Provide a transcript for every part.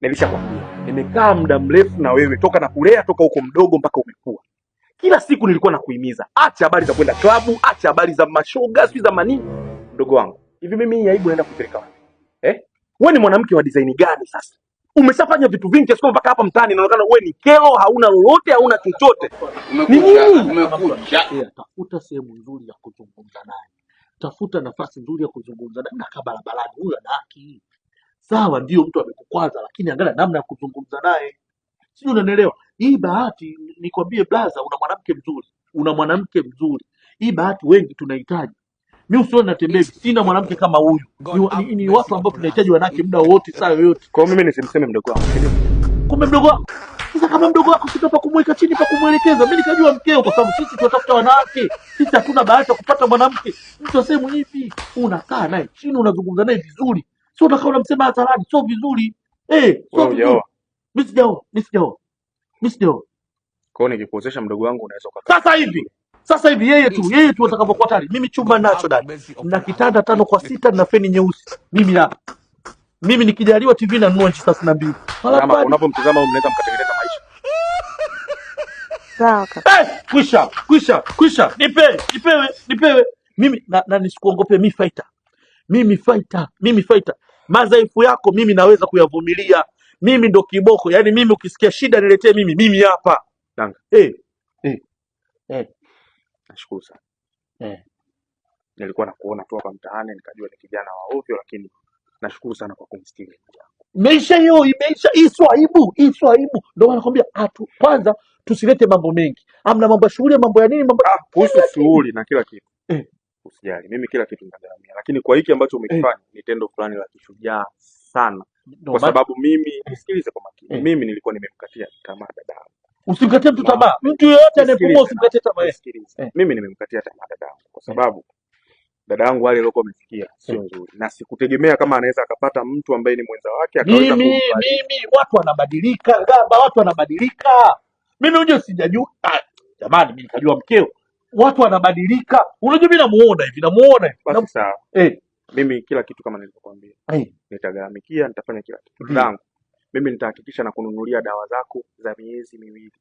Nilishakwambia nimekaa muda mrefu na wewe toka na kulea toka huko mdogo mpaka umekua. Kila siku nilikuwa nakuhimiza acha habari za kwenda klabu, acha habari za mashoga, sijui za manini. Mdogo wangu, hivi mimi hii aibu naenda kupeleka wapi? Eh? Wewe ni mwanamke wa design gani sasa? Umeshafanya vitu vingi kiasi mpaka hapa mtaani inaonekana wewe ni kero, hauna lolote, hauna chochote. Ni nini? Umekuja. Eh, tafuta sehemu nzuri ya kuzungumza naye. Tafuta nafasi nzuri ya kuzungumza naye na kabarabarani, huyo anaki Sawa, ndio mtu ame kukwaza, lakini angalia namna ya kuzungumza naye, sijui unanielewa. Hii bahati nikwambie, blaza, una mwanamke mzuri, una mwanamke mzuri. Hii bahati wengi tunahitaji. Mi usione natembea sina mwanamke kama huyu. Ni, ni, watu ambao tunahitaji wanawake muda wote, saa yoyote. Kwa mimi nisimseme mdogo wangu, Kumbe mdogo wangu sasa, kama mdogo wako sita pa kumweka chini pa kumwelekeza, mi nikajua mkeo, kwa sababu sisi tunatafuta wanawake, sisi hatuna bahati ya kupata mwanamke. Mtu asemu hivi, unakaa naye chini, unazungumza naye vizuri, sio unakaa unamsema hadharani, sio vizuri eh, sio vizuri. Kwa hiyo nikikuozesha mdogo wangu unaweza ukakaa sasa hivi sasa hivi yeye tu yeye tu atakapokuwa tayari. Mimi chumba nacho dada, na kitanda tano kwa sita na feni nyeusi. Mimi hapa mimi nikijaliwa TV nanunua nchi thelathini na mbili. Unapomtazama huyu mnaweza mkatengeneza maisha sawa Eh, kwisha kwisha kwisha, nipewe nipewe nipewe mimi na, na nisikuongopee. Mimi fighter mimi fighter mimi fighter madhaifu yako mimi naweza kuyavumilia. Mimi ndo kiboko, Yani mimi ukisikia shida niletee mimi, mimi hapa. Eh, eh, eh. Nashukuru sana eh. Nilikuwa nakuona tu hapa mtaani nikajua ni kijana wa ovyo, lakini nashukuru sana kwa kumsikiliza. Meisha hiyo, imeisha hii. Swaibu hii swaibu, ndio maana nakwambia atu kwanza tusilete mambo mengi, amna mambo ya shughuli, mambo ya nini, mambo ah, kuhusu yaani- shughuli na kila kitu eh usijali, mimi kila kitu nitagharamia, lakini kwa hiki ambacho umekifanya eh. ni tendo fulani la kishujaa sana, no, kwa sababu mimi, nisikilize eh. kwa makini, eh. mimi nilikuwa nimemkatia tamaa dadangu. Usimkatie mtu tamaa, mtu yeyote anayepumua usimkatie tamaa. Sikiliza, mimi nimemkatia tamaa dadangu kwa sababu dada yangu wale aliokuwa amefikia sio nzuri, na sikutegemea kama anaweza akapata mtu ambaye ni mwenza wake. Mimi mimi, watu wanabadilika, Gamba, watu wanabadilika. Mimi hujo sijajua, ah, jamani, mimi nikajua mkeo watu wanabadilika. Unajua, mimi namuona hivi, namuona hivi. Basi sawa, eh, mimi kila kitu kama nilivyokuambia, eh, nitafanya kila kitu zangu hmm. mimi. Nitahakikisha na kununulia dawa zako za miezi miwili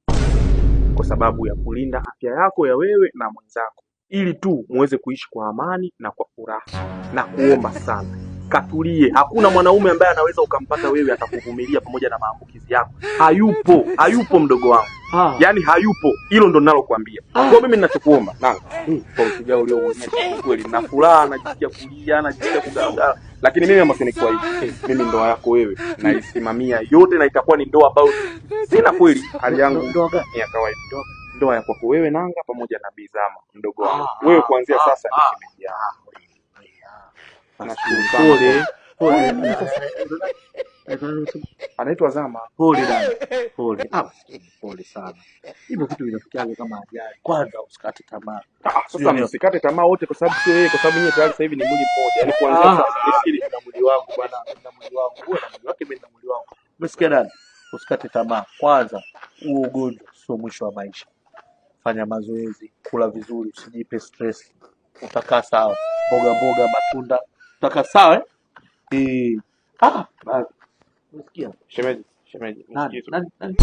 kwa sababu ya kulinda afya yako ya wewe na mwenzako, ili tu muweze kuishi kwa amani na kwa furaha, na kuomba sana katulie. Hakuna mwanaume ambaye anaweza ukampata wewe atakuvumilia pamoja na maambukizi yako, hayupo, hayupo mdogo wangu ah. Yaani hayupo, hilo ndo ninalokuambia. Ah. Kwa mimi ninachokuomba nanga kwa usijao ulioonyesha kweli, na furaha najisikia kulia, najisikia kugandala, lakini mimi ambacho nikuwa hivi, ah. mimi ndoa yako wewe naisimamia yote, na itakuwa ni ndoa ambayo sina kweli, hali yangu ni ya kawaida ndoa ya kwako wewe Nanga pamoja na Bizama mdogo ah, wangu wewe, kuanzia sasa ni shemeji yangu. Nashukuru sana. Eh, eh, eh. Eh, anaitwa Zama. Pole dada, pole ah. pole sana. Hivyo vitu vinafikiaga kama ajali. Kwanza usikate tamaa. Ah, sasa msikate tamaa wote, kwa sababu sio yeye, kwa sababu yeye tayari sasa hivi ni mwili mmoja, yani kuanzia ah. sasa nafikiri na mwili wangu bwana, na mwili wangu wewe, na mwili wake, mimi na mwili wangu. Umesikia dada, usikate tamaa. Kwanza huo ugonjwa sio mwisho wa maisha. Fanya mazoezi, kula vizuri, usijipe stress, utakaa sawa. Mboga mboga, matunda, utakaa sawa eh. eh. Ah, basi Shemeji, shemeji, nani? Nani? Nani?